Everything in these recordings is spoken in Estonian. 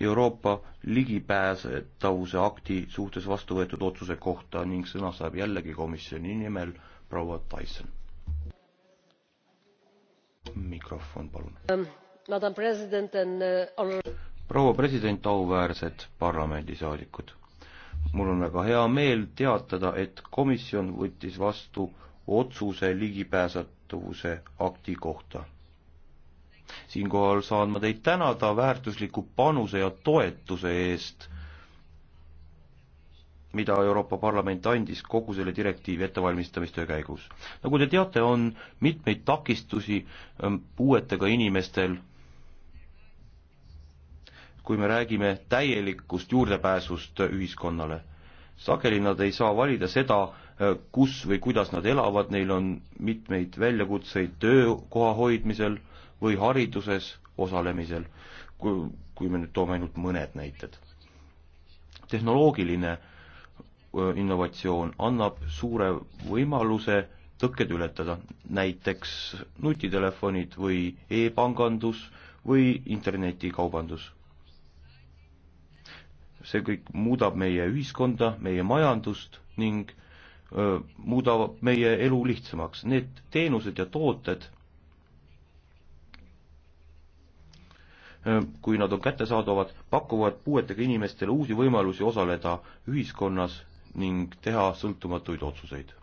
Euroopa ligipääsetavuse akti suhtes vastu võetud otsuse kohta ning sõna saab jällegi komisjoni nimel proua Tyson. mikrofon palun. Um, uh, proua president, auväärsed parlamendisaadikud. mul on väga hea meel teatada, et komisjon võttis vastu otsuse ligipääsetavuse akti kohta siinkohal saan ma teid tänada väärtusliku panuse ja toetuse eest, mida Euroopa Parlament andis kogu selle direktiivi ettevalmistamistöö käigus. nagu te teate, on mitmeid takistusi ähm, puuetega inimestel, kui me räägime täielikust juurdepääsust ühiskonnale. sageli nad ei saa valida seda, äh, kus või kuidas nad elavad, neil on mitmeid väljakutseid töökoha hoidmisel, või hariduses osalemisel, kui, kui me nüüd toome ainult mõned näited. tehnoloogiline innovatsioon annab suure võimaluse tõkked ületada, näiteks nutitelefonid või e-pangandus või internetikaubandus. see kõik muudab meie ühiskonda, meie majandust ning öö, muudab meie elu lihtsamaks. Need teenused ja tooted Äh, kui nad on kättesaadavad, pakuvad puuetega inimestele uusi võimalusi osaleda ühiskonnas ning teha sõltumatuid otsuseid.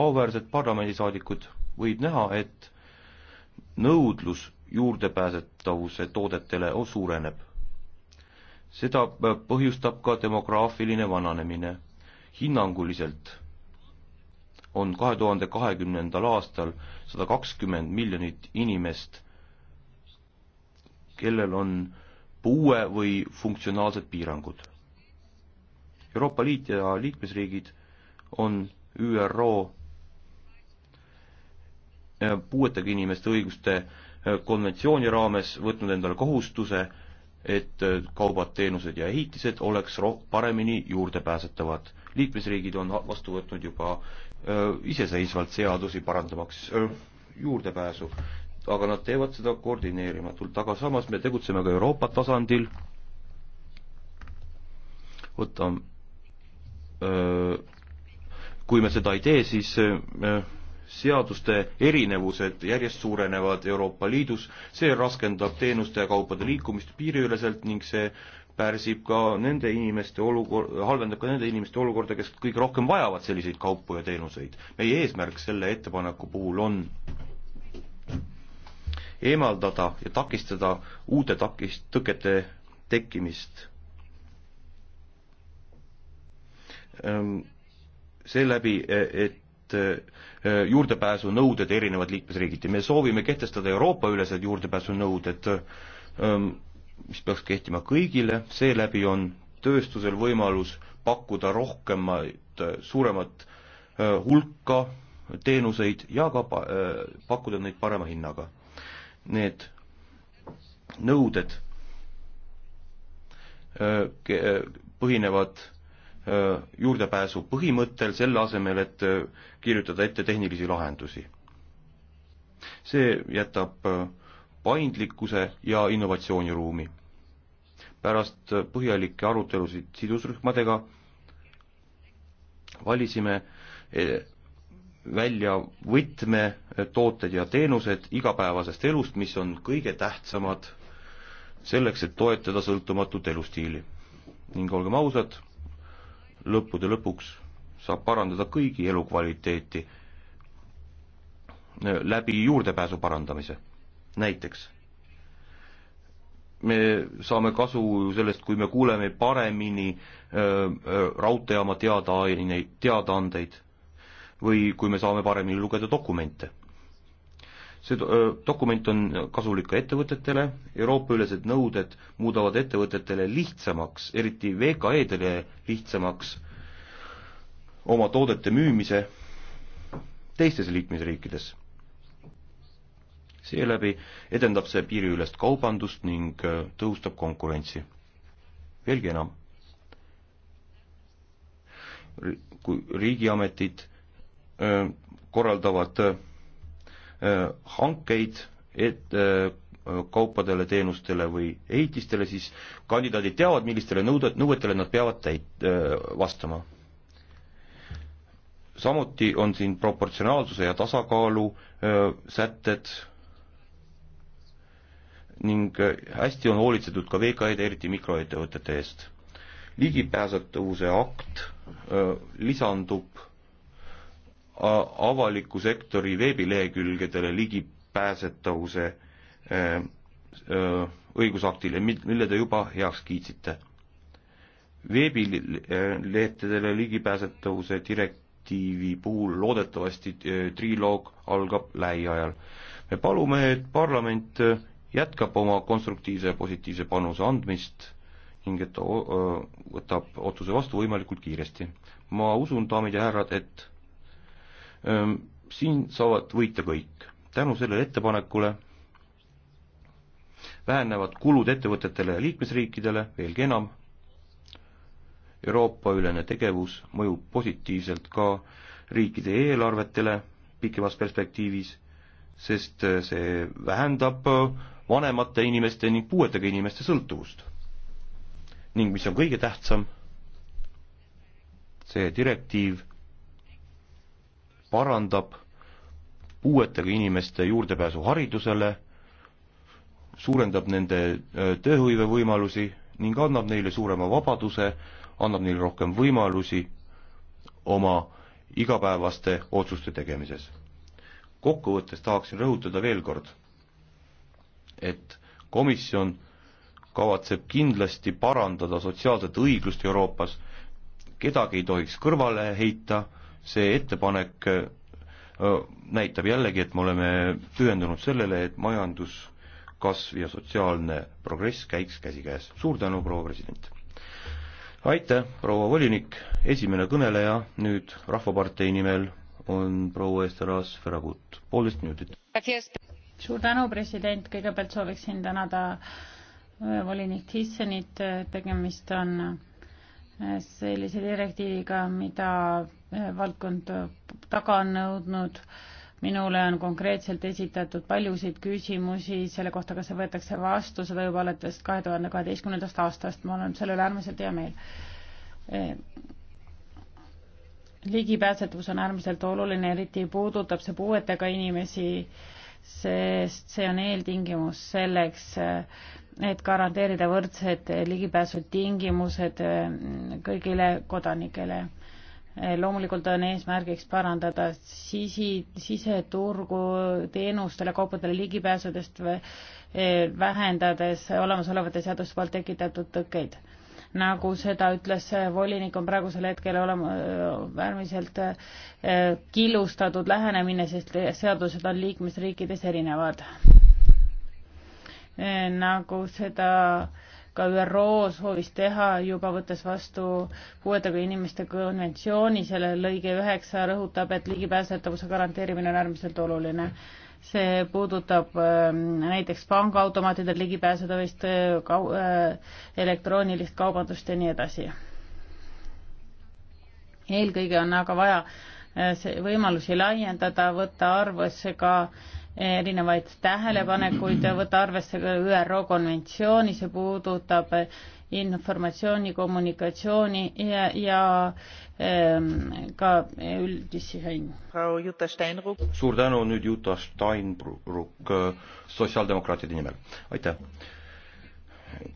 auväärsed parlamendisaadikud, võib näha, et nõudlus juurdepääsetavuse toodetele suureneb. seda äh, põhjustab ka demograafiline vananemine. hinnanguliselt on kahe tuhande kahekümnendal aastal sada kakskümmend miljonit inimest kellel on puue või funktsionaalsed piirangud. Euroopa Liit ja liikmesriigid on ÜRO äh, puuetega inimeste õiguste äh, konventsiooni raames võtnud endale kohustuse, et äh, kaubad, teenused ja ehitised oleks roh-, paremini juurdepääsetavad. liikmesriigid on vastu võtnud juba öö, iseseisvalt seadusi parandamaks öö, juurdepääsu aga nad teevad seda koordineerimatult, aga samas me tegutseme ka Euroopa tasandil, võtame, kui me seda ei tee, siis öö, seaduste erinevused järjest suurenevad Euroopa Liidus, see raskendab teenuste ja kaupade liikumist piiriüleselt ning see pärsib ka nende inimeste olukor-, halvendab ka nende inimeste olukorda, kes kõige rohkem vajavad selliseid kaupu ja teenuseid. meie eesmärk selle ettepaneku puhul on eemaldada ja takistada uute takist-, tõkete tekkimist. Ehm, seeläbi, e, et e, juurdepääsunõuded erinevad liikmesriigiti, me soovime kehtestada Euroopa-ülesed juurdepääsunõuded, ehm, mis peaks kehtima kõigile, seeläbi on tööstusel võimalus pakkuda rohkemat, e, suuremat hulka teenuseid ja ka pakkuda neid parema hinnaga need nõuded äh, äh, põhinevad äh, juurdepääsu põhimõttel, selle asemel, et kirjutada ette tehnilisi lahendusi. see jätab paindlikkuse ja innovatsiooniruumi. pärast põhjalikke arutelusid sidusrühmadega valisime välja võtmetooted ja teenused igapäevasest elust, mis on kõige tähtsamad selleks, et toetada sõltumatut elustiili. ning olgem ausad, lõppude lõpuks saab parandada kõigi elukvaliteeti läbi juurdepääsu parandamise. näiteks me saame kasu sellest, kui me kuuleme paremini äh, äh, raudteejaama teadaaineid, teadaandeid või kui me saame paremini lugeda dokumente. see dokument on kasulik ka ettevõtetele, Euroopa-ülesed nõuded muudavad ettevõtetele lihtsamaks, eriti VKE-dele lihtsamaks oma toodete müümise teistes liikmesriikides seeläbi edendab see piiriülest kaubandust ning äh, tõhustab konkurentsi. veelgi enam, kui riigiametid korraldavad hankeid, et kaupadele, teenustele või ehitistele, siis kandidaadid teavad, millistele nõude, nõuetele nad peavad täit-, vastama. samuti on siin proportsionaalsuse ja tasakaalu sätted ning hästi on hoolitsetud ka VKE-de, eriti mikroettevõtete eest. ligipääsetavuse akt lisandub avaliku sektori veebilehekülgedele ligipääsetavuse eh, eh, õigusaktile, mille te juba heaks kiitsite. veebilehtedele ligipääsetavuse direktiivi puhul loodetavasti eh, triloog algab lähiajal. me palume, et parlament jätkab oma konstruktiivse ja positiivse panuse andmist ning et võtab otsuse vastu võimalikult kiiresti. ma usun, daamid ja härrad, et siin saavad võita kõik. tänu sellele ettepanekule vähenevad kulud ettevõtetele ja liikmesriikidele veelgi enam. Euroopa-ülene tegevus mõjub positiivselt ka riikide eelarvetele pikemas perspektiivis, sest see vähendab vanemate inimeste ning puuetega inimeste sõltuvust. ning mis on kõige tähtsam, see direktiiv parandab puuetega inimeste juurdepääsu haridusele, suurendab nende äh, tööhõive võimalusi ning annab neile suurema vabaduse, annab neile rohkem võimalusi oma igapäevaste otsuste tegemises. kokkuvõttes tahaksin rõhutada veel kord, et komisjon kavatseb kindlasti parandada sotsiaalset õiglust Euroopas, kedagi ei tohiks kõrvale heita see ettepanek näitab jällegi, et me oleme pühendunud sellele, et majanduskasv ja sotsiaalne progress käiks käsikäes. suur tänu, proua president! aitäh, proua volinik, esimene kõneleja nüüd Rahvapartei nimel on proua Esteras Ferragut, poolteist minutit. suur tänu, president, kõigepealt sooviksin tänada volinik Thyssenit, tegemist on sellise direktiiviga, mida eh, valdkond eh, taga on nõudnud. minule on konkreetselt esitatud paljusid küsimusi selle kohta, kas see võetakse vastu, seda juba alates kahe tuhande kaheteistkümnendast aastast, mul on selle üle äärmiselt hea meel. Eh, ligipääsetavus on äärmiselt oluline, eriti puudutab see puuetega inimesi, sest see on eeltingimus selleks, et garanteerida võrdsed ligipääsutingimused mm, kõigile kodanikele. loomulikult on eesmärgiks parandada sisi, siseturgu teenustele, kaupadele ligipääsudest, e, vähendades olemasolevate seaduste poolt tekitatud tõkkeid. nagu seda ütles volinik, on praegusel hetkel olema äärmiselt e, killustatud lähenemine, sest seadused on liikmesriikides erinevad Eh, nagu seda ka ÜRO-s soovis teha, juba võttes vastu puuetega inimeste konventsiooni, selle lõige üheksa rõhutab, et ligipääsetavuse garanteerimine on äärmiselt oluline. see puudutab äh, näiteks pangaautomaatide ligipääsetavust eh, kau- äh,, elektroonilist kaubandust ja nii edasi. eelkõige on aga vaja äh, see võimalusi laiendada, võtta arvesse ka äh, erinevaid tähelepanekuid, võtta arvesse ka ÜRO konventsiooni, see puudutab informatsiooni, kommunikatsiooni ja, ja ehm, ka üldisi häid. suur tänu, nüüd Juta Steinbrück äh, sotsiaaldemokraatide nimel, aitäh.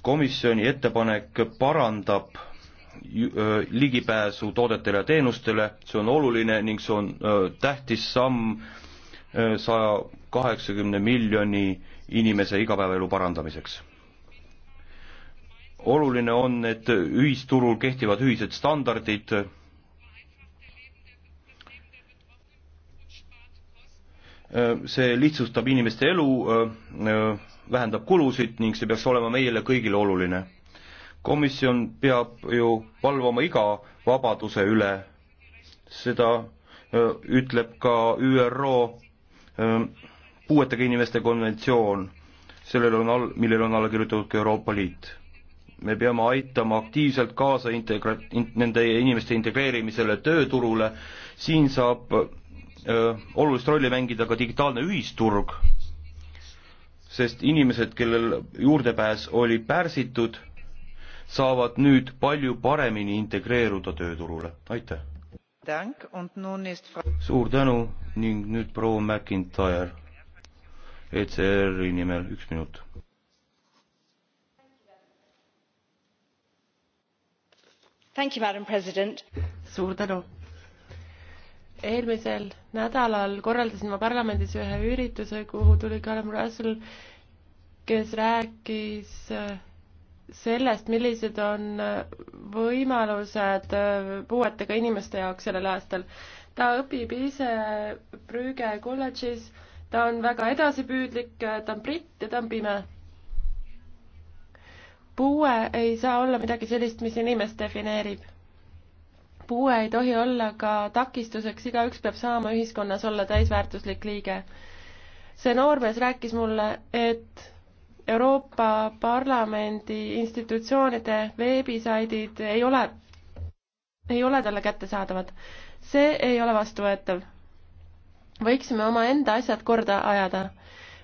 komisjoni ettepanek parandab äh, ligipääsu toodetele ja teenustele, see on oluline ning see on äh, tähtis samm saja kaheksakümne miljoni inimese igapäevaelu parandamiseks. oluline on, et ühisturul kehtivad ühised standardid, see lihtsustab inimeste elu, vähendab kulusid ning see peaks olema meile kõigile oluline. komisjon peab ju valvama iga vabaduse üle, seda ütleb ka ÜRO puuetega inimeste konventsioon, sellele on all, millele on alla kirjutatud ka Euroopa Liit. me peame aitama aktiivselt kaasa integra-, in-, nende inimeste integreerimisele tööturule, siin saab öö, olulist rolli mängida ka digitaalne ühisturg, sest inimesed, kellel juurdepääs oli pärsitud, saavad nüüd palju paremini integreeruda tööturule, aitäh! suur tänu ning nüüd proua McIntyre. ECR-i nimel üks minut. suur tänu eelmisel nädalal korraldasin ma parlamendis ühe ürituse, kuhu tuli Callum Russell, kes rääkis äh, sellest, millised on äh, võimalused äh, puuetega inimeste jaoks sellel aastal. ta õpib ise Brügge kolledžis ta on väga edasipüüdlik, ta on britt ja ta on pime. puue ei saa olla midagi sellist, mis inimest defineerib. puue ei tohi olla ka takistuseks, igaüks peab saama ühiskonnas olla täisväärtuslik liige. see noormees rääkis mulle, et Euroopa Parlamendi institutsioonide veebisaidid ei ole, ei ole talle kättesaadavad. see ei ole vastuvõetav võiksime omaenda asjad korda ajada.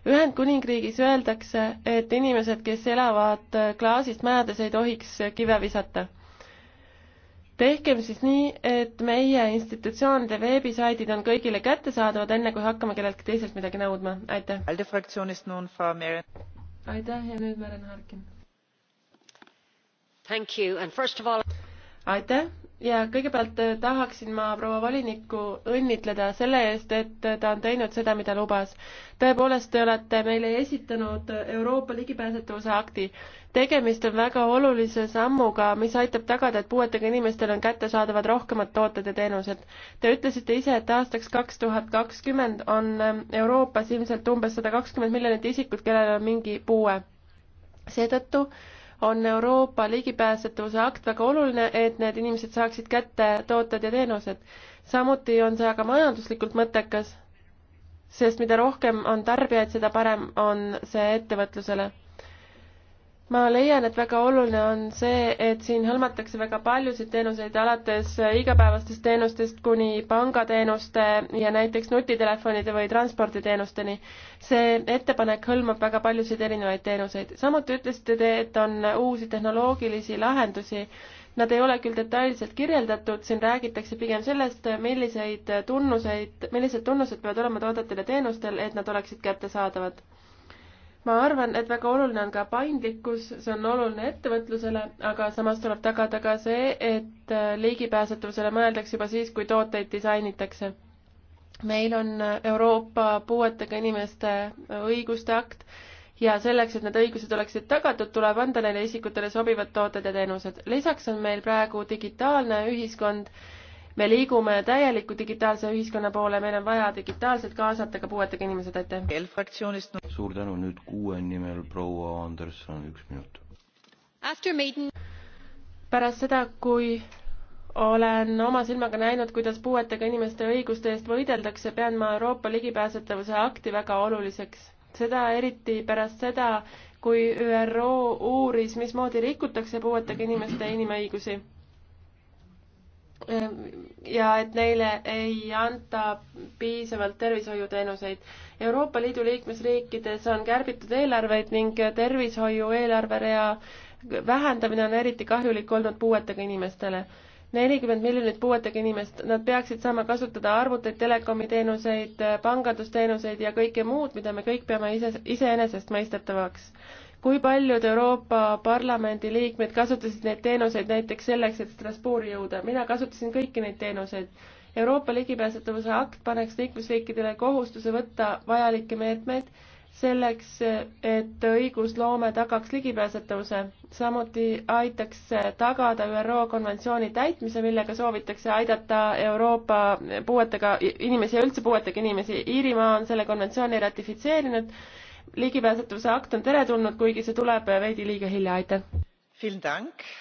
Ühendkuningriigis öeldakse, et inimesed, kes elavad klaasist majades, ei tohiks kive visata. tehkem siis nii, et meie institutsioonide veebisaidid on kõigile kättesaadavad, enne kui hakkame kelleltki teiselt midagi nõudma. aitäh. aitäh ja nüüd Meren Harkin. aitäh ja kõigepealt äh, tahaksin ma proua volinikku õnnitleda selle eest, et äh, ta on teinud seda, mida lubas. tõepoolest, te olete meile esitanud äh, Euroopa ligipääsetavuse akti. tegemist on väga olulise sammuga, mis aitab tagada, et puuetega inimestel on kättesaadavad rohkemad tooted ja teenused. Te ütlesite ise, et aastaks kaks tuhat kakskümmend on ähm, Euroopas ilmselt umbes sada kakskümmend miljonit isikut, kellel on mingi puue. seetõttu on Euroopa ligipääsetavuse akt väga oluline, et need inimesed saaksid kätte tooted ja teenused. samuti on see aga majanduslikult mõttekas, sest mida rohkem on tarbijaid, seda parem on see ettevõtlusele ma leian, et väga oluline on see, et siin hõlmatakse väga paljusid teenuseid, alates igapäevastest teenustest kuni pangateenuste ja näiteks nutitelefonide või transporditeenusteni. see ettepanek hõlmab väga paljusid erinevaid teenuseid. samuti ütlesite te, et on uusi tehnoloogilisi lahendusi. Nad ei ole küll detailselt kirjeldatud, siin räägitakse pigem sellest, milliseid tunnuseid, millised tunnused peavad olema toodetel ja teenustel, et nad oleksid kättesaadavad ma arvan, et väga oluline on ka paindlikkus, see on oluline ettevõtlusele, aga samas tuleb tagada ka see, et äh, ligipääsetavusele mõeldakse juba siis, kui tooteid disainitakse. meil on äh, Euroopa puuetega inimeste äh, õiguste akt ja selleks, et need õigused oleksid tagatud, tuleb anda neile isikutele sobivad tooted ja teenused. lisaks on meil praegu digitaalne ühiskond me liigume täieliku digitaalse ühiskonna poole, meil on vaja digitaalselt kaasata ka puuetega inimesed, aitäh. suur tänu, nüüd kuue nimel proua Anderson, üks minut. pärast seda, kui olen oma silmaga näinud, kuidas puuetega inimeste õiguste eest võideldakse, pean ma Euroopa ligipääsetavuse akti väga oluliseks. seda eriti pärast seda, kui ÜRO uuris, mismoodi rikutakse puuetega inimeste inimõigusi Ehm, ja et neile ei anta piisavalt tervishoiuteenuseid. Euroopa Liidu liikmesriikides on kärbitud eelarveid ning tervishoiu eelarverea vähendamine on eriti kahjulik olnud puuetega inimestele. nelikümmend miljonit puuetega inimest, nad peaksid saama kasutada arvuteid, telekomiteenuseid, pangandusteenuseid ja kõike muud, mida me kõik peame ise, iseenesestmõistetavaks kui paljud Euroopa Parlamendi liikmed kasutasid neid teenuseid näiteks selleks, et Strasbourgi jõuda, mina kasutasin kõiki neid teenuseid. Euroopa ligipääsetavuse akt paneks liikmesriikidele kohustuse võtta vajalikke meetmeid selleks, et õigusloome tagaks ligipääsetavuse. samuti aitaks tagada ÜRO konventsiooni täitmise, millega soovitakse aidata Euroopa puuetega inimesi ja üldse puuetega inimesi. Iirimaa on selle konventsiooni ratifitseerinud ligipääsetavuse akt on teretulnud, kuigi see tuleb veidi liiga hilja, aitäh.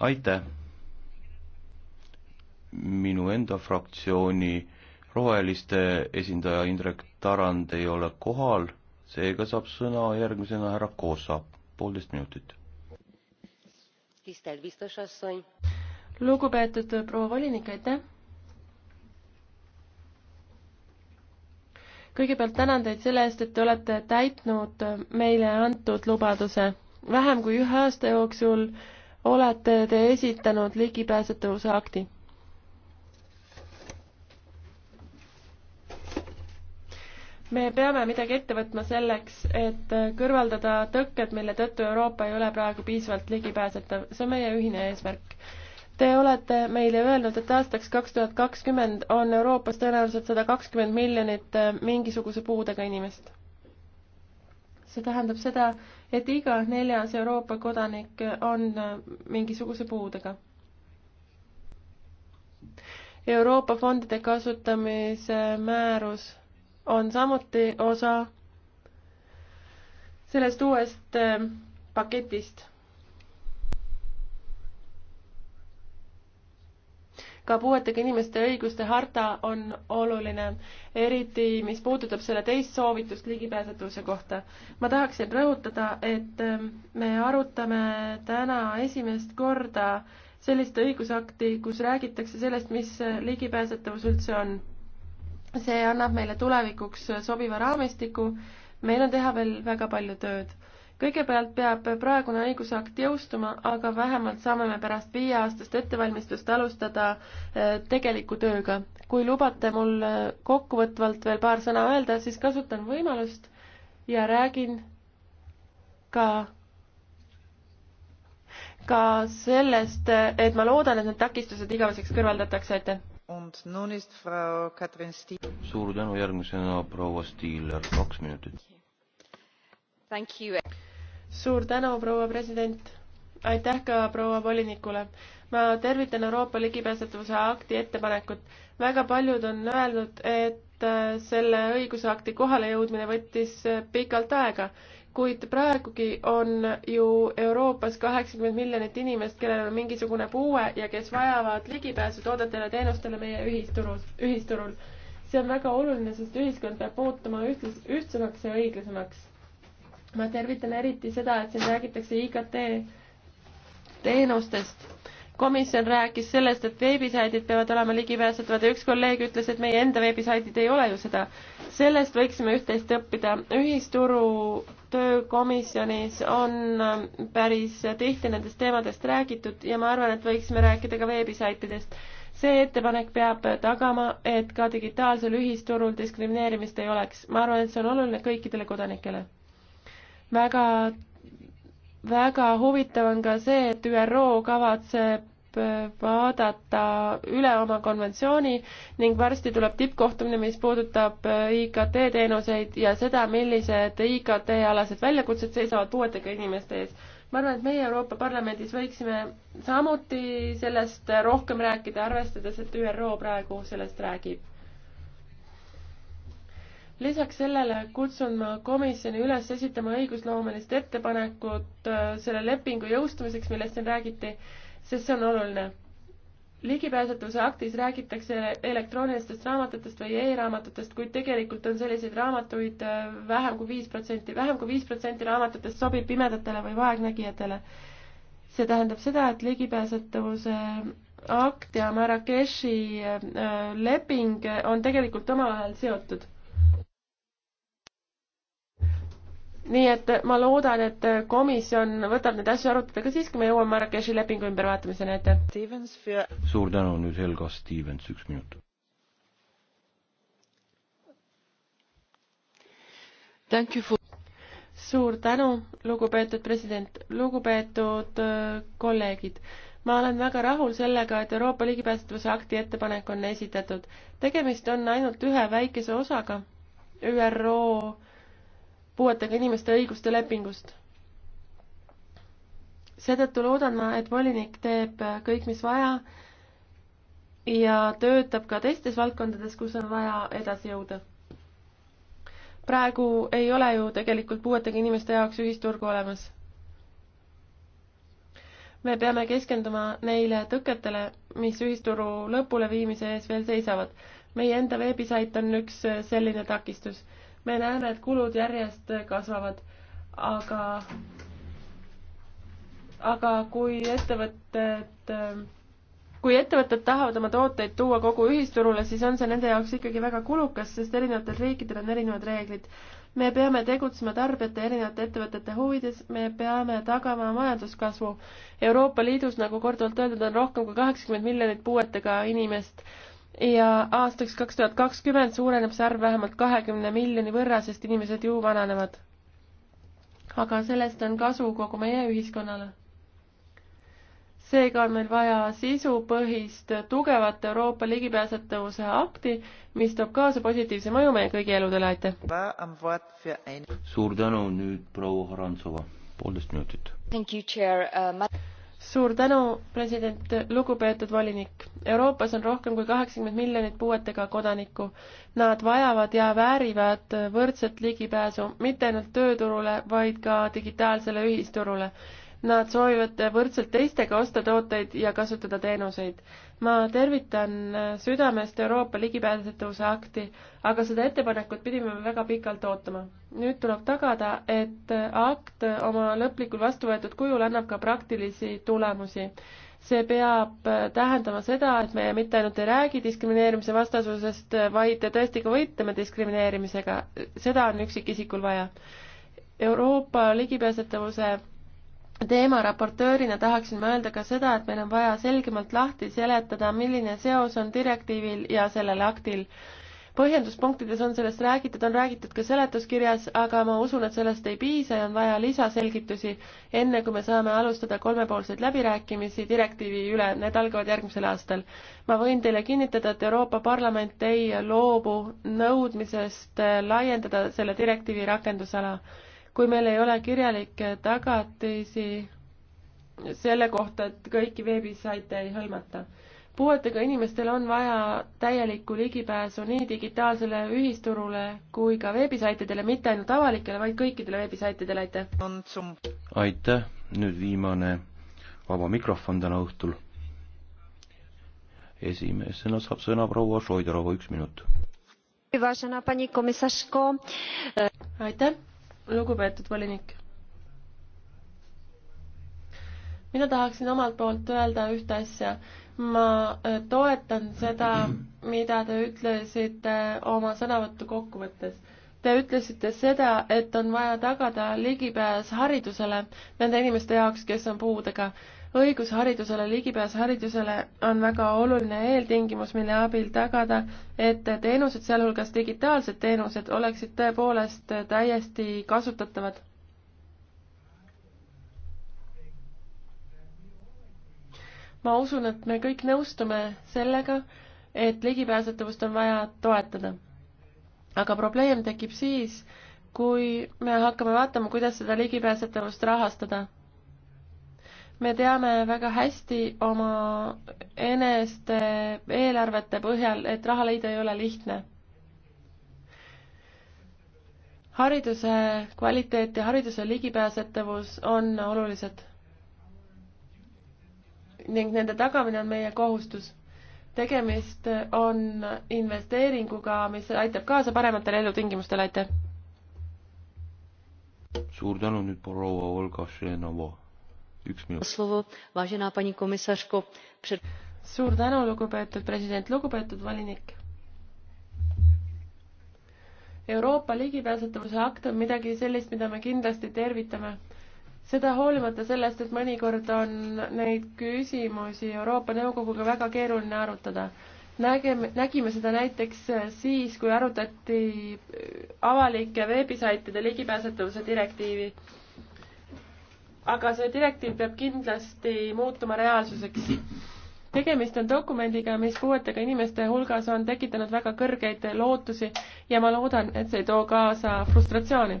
aitäh. minu enda fraktsiooni roheliste esindaja Indrek Tarand ei ole kohal, seega saab sõna järgmisena härra Koosa, poolteist minutit. lugupeetud proua volinik, aitäh kõigepealt tänan teid selle eest, et te olete täitnud meile antud lubaduse. vähem kui ühe aasta jooksul olete te esitanud ligipääsetavuse akti. me peame midagi ette võtma selleks, et kõrvaldada tõkked, mille tõttu Euroopa ei ole praegu piisavalt ligipääsetav, see on meie ühine eesmärk Te olete meile öelnud, et aastaks kaks tuhat kakskümmend on Euroopas tõenäoliselt sada kakskümmend miljonit äh, mingisuguse puudega inimest. see tähendab seda, et iga neljas Euroopa kodanik äh, on äh, mingisuguse puudega Euroopa fondide kasutamise määrus on samuti osa sellest uuest paketist. ka puuetega inimeste õiguste harta on oluline, eriti mis puudutab selle teist soovitust ligipääsetavuse kohta. ma tahaksin rõhutada, et ähm, me arutame täna esimest korda sellist õigusakti, kus räägitakse sellest, mis ligipääsetavus üldse on. see annab meile tulevikuks sobiva raamistiku, meil on teha veel väga palju tööd kõigepealt peab praegune õigusakt jõustuma, aga vähemalt saame me pärast viieaastast ettevalmistust alustada äh, tegeliku tööga. kui lubate mul äh, kokkuvõtvalt veel paar sõna öelda, siis kasutan võimalust ja räägin ka ka sellest, et ma loodan, et need takistused igaveseks kõrvaldatakse, aitäh. suur tänu, järgmisena proua Stiiler, kaks minutit suur tänu, proua president. aitäh ka proua volinikule. ma tervitan Euroopa ligipääsetavuse akti ettepanekut. väga paljud on öelnud, et äh, selle õigusakti kohalejõudmine võttis äh, pikalt aega, kuid praegugi on ju Euroopas kaheksakümmend miljonit inimest, kellel on mingisugune puue ja kes vajavad ligipääsu toodetele ja teenustele meie ühisturus, ühisturul. see on väga oluline, sest ühiskond peab muutuma ühtlas-, ühtsemaks ja õiglasemaks ma tervitan eriti seda, et siin räägitakse IKT teenustest. komisjon rääkis sellest, et veebisaidid peavad olema ligipääsetavad ja üks kolleeg ütles, et meie enda veebisaidid ei ole ju seda. sellest võiksime üht-teist õppida. ühisturu töökomisjonis on ähm, päris tihti nendest teemadest räägitud ja ma arvan, et võiksime rääkida ka veebisaitidest see ettepanek peab tagama, et ka digitaalsel ühisturul diskrimineerimist ei oleks. ma arvan, et see on oluline kõikidele kodanikele väga, väga huvitav on ka see, et ÜRO kavatseb äh, vaadata üle oma konventsiooni ning varsti tuleb tippkohtumine, mis puudutab äh, IKT teenuseid ja seda, millised IKT alased väljakutsed seisavad puuetega inimeste ees. ma arvan, et meie Euroopa Parlamendis võiksime samuti sellest äh, rohkem rääkida, arvestades, et ÜRO praegu sellest räägib lisaks sellele kutsun ma komisjoni üles esitama õigusloomelist ettepanekut äh, selle lepingu jõustumiseks, millest siin räägiti, sest see on oluline. ligipääsetavuse aktis räägitakse elektroonilistest raamatutest või e-raamatutest, kuid tegelikult on selliseid raamatuid äh, vähem kui viis protsenti, vähem kui viis protsenti raamatutest sobib pimedatele või vaegnägijatele. see tähendab seda, et ligipääsetavuse akt ja Marrakechi äh, leping on tegelikult omavahel seotud nii et ma loodan, et komisjon võtab neid asju arutada ka siis, kui me jõuame Marrakechi lepingu ümbervaatamiseni, aitäh. suur tänu, nüüd Helga Stevens, üks minut. For... suur tänu, lugupeetud president, lugupeetud äh, kolleegid ma olen väga rahul sellega, et Euroopa ligipääsetavuse akti ettepanek on esitatud. tegemist on ainult ühe väikese osaga ÜRO puuetega inimeste õiguste lepingust. seetõttu loodan ma, et volinik teeb kõik, mis vaja ja töötab ka teistes valdkondades, kus on vaja edasi jõuda. praegu ei ole ju tegelikult puuetega inimeste jaoks ühisturgu olemas. me peame keskenduma neile tõketele, mis ühisturu lõpuleviimise ees veel seisavad. meie enda veebisait on üks selline takistus me näeme, et kulud järjest kasvavad, aga, aga kui ettevõtted kui ettevõtted tahavad oma tooteid tuua kogu ühisturule, siis on see nende jaoks ikkagi väga kulukas, sest erinevatel riikidel on erinevad reeglid. me peame tegutsema tarbijate erinevate ettevõtete huvides, me peame tagama majanduskasvu. Euroopa Liidus, nagu korduvalt öeldud, on rohkem kui kaheksakümmend miljonit puuetega inimest ja aastaks kaks tuhat kakskümmend suureneb see arv vähemalt kahekümne miljoni võrra, sest inimesed ju vananevad. aga sellest on kasu kogu meie ühiskonnale. seega on meil vaja sisupõhist tugevat Euroopa ligipääsetavuse akti, mis toob kaasa positiivse mõju meie kõigi eludele, aitäh! suur tänu nüüd proua Harantsova, poolteist minutit. Uh, suur tänu, president, lugupeetud volinik. Euroopas on rohkem kui kaheksakümmend miljonit puuetega kodanikku. Nad vajavad ja väärivad võrdset ligipääsu mitte ainult tööturule, vaid ka digitaalsele ühisturule. Nad soovivad võrdselt teistega osta tooteid ja kasutada teenuseid ma tervitan äh, südamest Euroopa ligipääsetavuse akti, aga seda ettepanekut pidime väga pikalt ootama. nüüd tuleb tagada, et äh, akt oma lõplikul vastu võetud kujul annab ka praktilisi tulemusi. see peab äh, tähendama seda, et me mitte ainult ei räägi diskrimineerimise vastasusest, vaid tõesti ka võitleme diskrimineerimisega. seda on üksikisikul vaja. Euroopa ligipääsetavuse teema raportöörina tahaksin ma öelda ka seda, et meil on vaja selgemalt lahti seletada, milline seos on direktiivil ja sellel aktil. põhjenduspunktides on sellest räägitud, on räägitud ka seletuskirjas, aga ma usun, et sellest ei piisa ja on vaja lisaselgitusi, enne kui me saame alustada kolmepoolseid läbirääkimisi direktiivi üle, need algavad järgmisel aastal. ma võin teile kinnitada, et Euroopa Parlament ei loobu nõudmisest laiendada selle direktiivi rakendusala kui meil ei ole kirjalikke tagatisi selle kohta, et kõiki veebisaite ei hõlmata. puuetega inimestel on vaja täielikku ligipääsu nii digitaalsele ühisturule kui ka veebisaitidele, mitte ainult avalikele, vaid kõikidele veebisaitidele, aitäh! aitäh, nüüd viimane vaba mikrofon täna õhtul. esimesena saab sõna proua Šoidorova, üks minut. aitäh! lugupeetud volinik. mina tahaksin omalt poolt öelda ühte asja. ma äh, toetan seda, mida te ütlesite oma sõnavõttu kokkuvõttes. Te ütlesite seda, et on vaja tagada ligipääs haridusele nende inimeste jaoks, kes on puudega õigus haridusele, ligipääs haridusele on väga oluline eeltingimus, mille abil tagada, et teenused, sealhulgas digitaalsed teenused, oleksid tõepoolest täiesti kasutatavad. ma usun, et me kõik nõustume sellega, et ligipääsetavust on vaja toetada. aga probleem tekib siis, kui me hakkame vaatama, kuidas seda ligipääsetavust rahastada me teame väga hästi oma eneste eelarvete põhjal, et raha leida ei ole lihtne. hariduse kvaliteet ja hariduse ligipääsetavus on olulised. ning nende tagamine on meie kohustus. tegemist on investeeringuga, mis aitab kaasa parematele elutingimustele, aitäh! suur tänu nüüd proua Olga Šenova üks minut. suur tänu, lugupeetud president, lugupeetud volinik. Euroopa ligipääsetavuse akt on midagi sellist, mida me kindlasti tervitame seda hoolimata sellest, et mõnikord on neid küsimusi Euroopa Nõukoguga väga keeruline arutada. nägime, nägime seda näiteks siis, kui arutati avalike veebisaitide ligipääsetavuse direktiivi aga see direktiiv peab kindlasti muutuma reaalsuseks. tegemist on dokumendiga, mis puuetega inimeste hulgas on tekitanud väga kõrgeid lootusi ja ma loodan, et see ei too kaasa frustratsiooni.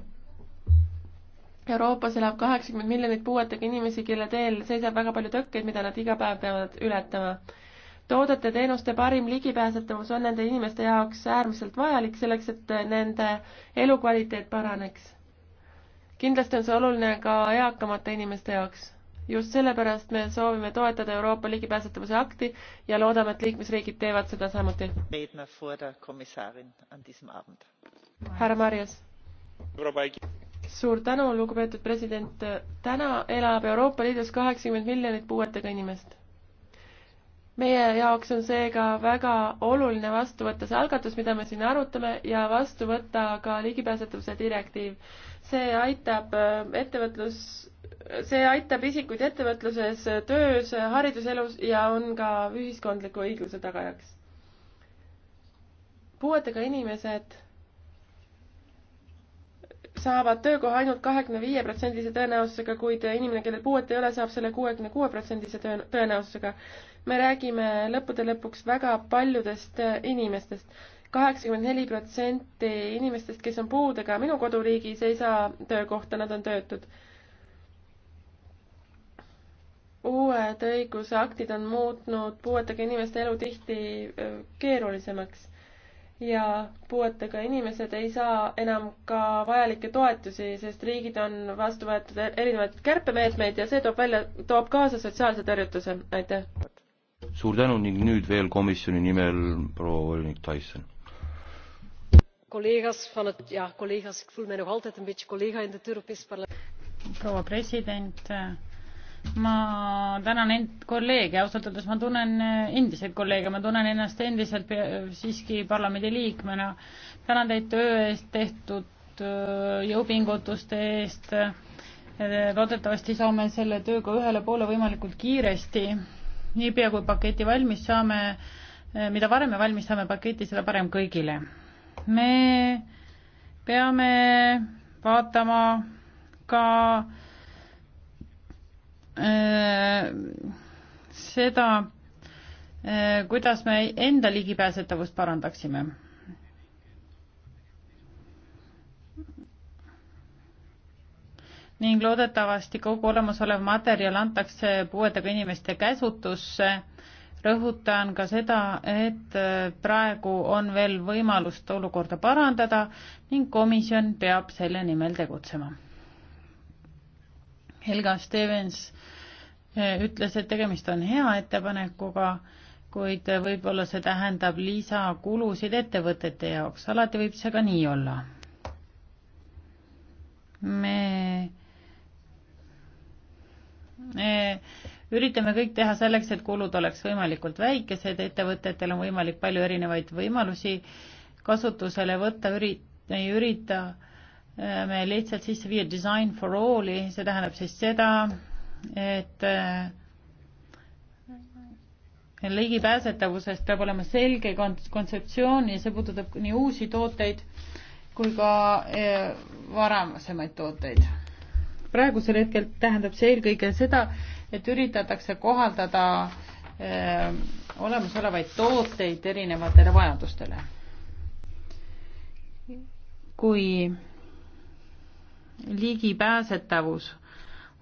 Euroopas elab kaheksakümmend miljonit puuetega inimesi, kelle teel seisab väga palju tõkkeid, mida nad iga päev peavad ületama toodete teenuste parim ligipääsetavus on nende inimeste jaoks äärmiselt vajalik selleks, et nende elukvaliteet paraneks kindlasti on see oluline ka eakamate inimeste jaoks. just sellepärast me soovime toetada Euroopa ligipääsetavuse akti ja loodame, et liikmesriigid teevad seda samuti. härra Marjas suur tänu, lugupeetud president. täna elab Euroopa Liidus kaheksakümmend miljonit puuetega inimest meie jaoks on seega väga oluline vastu võtta see algatus, mida me siin arutame ja vastu võtta ka ligipääsetavuse direktiiv. see aitab äh, ettevõtlus, see aitab isikuid ettevõtluses, äh, töös, äh, hariduselus ja on ka ühiskondliku õigluse tagajaks. puuetega inimesed saavad töökoha ainult kahekümne viie protsendise tõenäosusega, kuid inimene, kellel puuet ei ole, saab selle kuuekümne kuue protsendise tõenäosusega. me räägime lõppude lõpuks väga paljudest äh, inimestest. kaheksakümmend neli protsenti inimestest, kes on puudega minu koduriigis, ei saa töökohta, nad on töötud. uued õigusaktid on muutnud puuetega inimeste elu tihti äh, keerulisemaks ja puuetega inimesed ei saa enam ka vajalikke toetusi, sest riigid on vastu võetud e-, erinevaid kärpemeetmeid ja see toob välja, toob kaasa sotsiaalse tõrjutuse. aitäh! suur tänu ning nüüd veel komisjoni nimel proua volinik Tyson. proua president, ma tänan end-, kolleege, ausalt öeldes ma tunnen äh, endiseid kolleege, ma tunnen ennast endiselt äh, siiski parlamendi liikmena. tänan teid töö eest, tehtud äh, jõupingutuste eest. loodetavasti saame selle tööga ühele poole võimalikult kiiresti. niipea kui paketi valmis saame, mida varem me valmis saame paketi, seda parem kõigile. me peame vaatama ka äh, Äh, seda, äh, kuidas me enda ligipääsetavust parandaksime. ning loodetavasti kogu olemasolev materjal antakse puuetega inimeste käsutusse rõhutan ka seda, et äh, praegu on veel võimalust olukorda parandada ning komisjon peab selle nimel tegutsema. Helga Stevens eh, ütles, et tegemist on hea ettepanekuga, kuid eh, võib-olla see tähendab lisakulusid ettevõtete jaoks, alati võib see ka nii olla. me üritame kõik teha selleks, et kulud oleks võimalikult väikesed, ettevõtetel on võimalik palju erinevaid võimalusi kasutusele võtta, üri-, ei ürita Äh, me lihtsalt sisse viia Design for All'i, see tähendab siis seda, et äh, ligipääsetavusest peab olema selge kontseptsioon ja see puudutab nii uusi tooteid kui ka äh, varasemaid tooteid. praegusel hetkel tähendab see eelkõige seda, et üritatakse kohaldada olemasolevaid tooteid erinevatele vajadustele. kui ligipääsetavus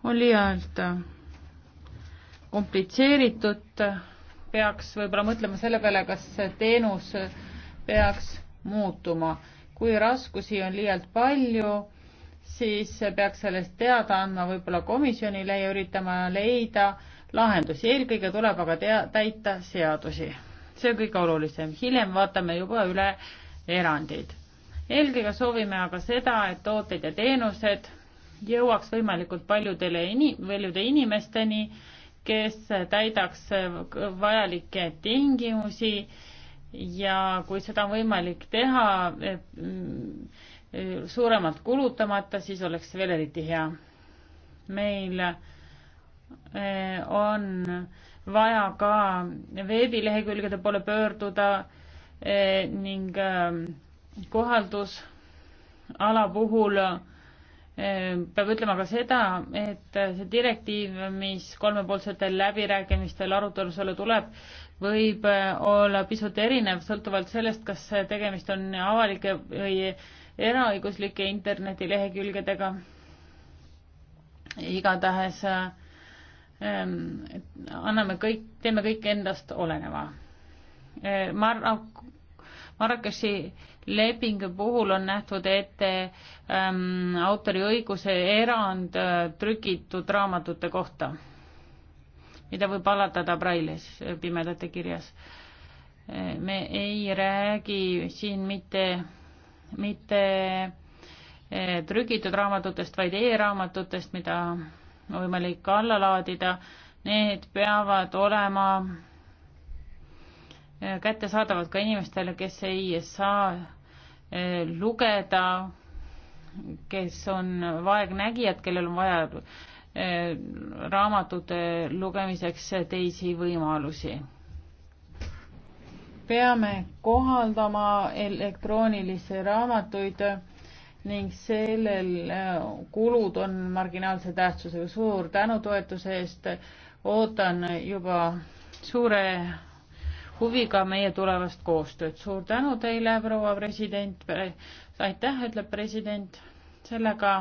oli ainult äh, komplitseeritud, peaks võib-olla mõtlema selle peale, kas teenus peaks muutuma. kui raskusi on liialt palju, siis peaks sellest teada andma võib-olla komisjonile ja üritama leida lahendusi, eelkõige tuleb aga tea-, täita seadusi. see on kõige olulisem, hiljem vaatame juba üle erandeid eelkõige soovime aga seda, et tooted ja teenused jõuaks võimalikult paljudele ini-, paljude inimesteni, kes täidaks vajalikke tingimusi ja kui seda on võimalik teha eh, suuremalt kulutamata, siis oleks see veel eriti hea. meil eh, on vaja ka veebilehekülgede poole pöörduda eh, ning kohaldusala puhul eh, peab ütlema ka seda, et see direktiiv, mis kolmepoolsetel läbirääkimistel arutelusele tuleb, võib eh, olla pisut erinev sõltuvalt sellest, kas tegemist on avalike või eraõiguslike internetilehekülgedega. igatahes ähm, anname kõik, teeme kõik endast oleneva. Eh, ma arvan, Marrakechi lepingu puhul on nähtud ette ähm, autoriõiguse erand äh, trükitud raamatute kohta, mida võib alandada Brailis, äh, pimedate kirjas. Äh, me ei räägi siin mitte, mitte äh, trükitud raamatutest, vaid e-raamatutest, mida on võimalik alla laadida, need peavad olema Eh, kättesaadavad ka inimestele, kes ei saa eh, lugeda, kes on vaegnägijad, kellel on vaja eh, raamatute lugemiseks teisi võimalusi. peame kohaldama elektroonilisi raamatuid ning sellel kulud on marginaalse tähtsusega. suur tänu toetuse eest, ootan juba suure huviga meie tulevast koostööd. suur tänu teile, proua president, aitäh, ütleb president, sellega